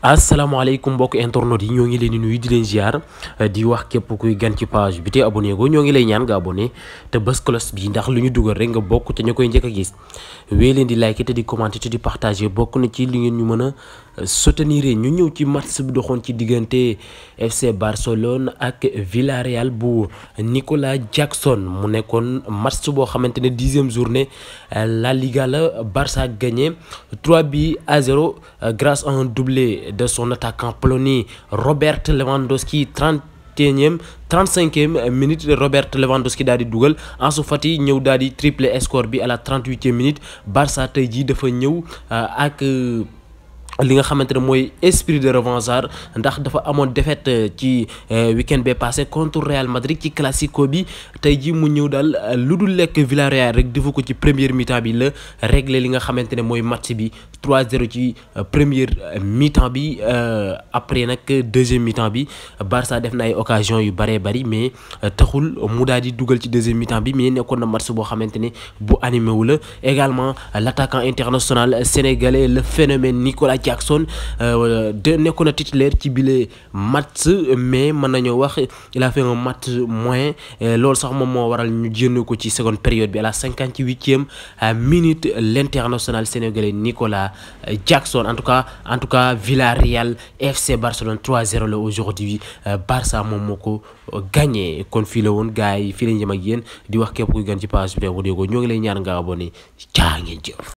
assalamu alaykum bokk internautes yi ñoo ngi leen di nuyu di leen ziar eh, di wax képp kuy gën ci page bi te abonné go ñoo ngi lay ñaan nga abonné te bës cloche bi ndax lu ñu dugal rek nga bokk te ñu ñëk njëkk gis wé leen di like te di commenter te di partager bokk na ci li ngeen ñu mëna a eh, soutenir ñu ñëw ci match bi doxoon ci digënté FC Barcelone ak Villarreal bu Nicolas Jackson mu nekkoon match bo xamante 10e journée eh, La Liga la Barça gagné 3 bi à 0 grâce à un doublé de son attaquant polonais Robert Lewandowski, 31e 35e minute Robert Lewandowski dadi dougal en Ansu Fati n'y dadi à la 38e minute Barça tay de dafa euh, euh, li nga xamante esprit de revanchard ndax dafa la défaite euh, ci euh, week-end passé contre Real Madrid ci classico bi tey ji mu ñëw dal luddul lek Villarreal rek defu ko ci première mi-temps bi le régler li nga ne match bi 3-0 ci euh, première mi-temps bi après nak deuxième mi-temps bi Barça def na ay occasion yu bari bari mais taxul mu daal di ci deuxième mi-temps bi mais nekkoon na match bo xamantene bu animé wu le également l'attaquant international sénégalais le phénomène Nicolas Jackson euh, de nekkoon na titulaire ci match mais mën il a fait un match moyen lool sax moment mo waral ñu jënd ko ci seconde période bi à la 58e euh, minute l'international sénégalais Nicolas euh, Jackson en tout cas en tout cas Villarreal FC Barcelone 3-0 aujourd'hui Barça Momoko moko gagné kon fii la woon gars yi fii jëm ak yeen di wax képp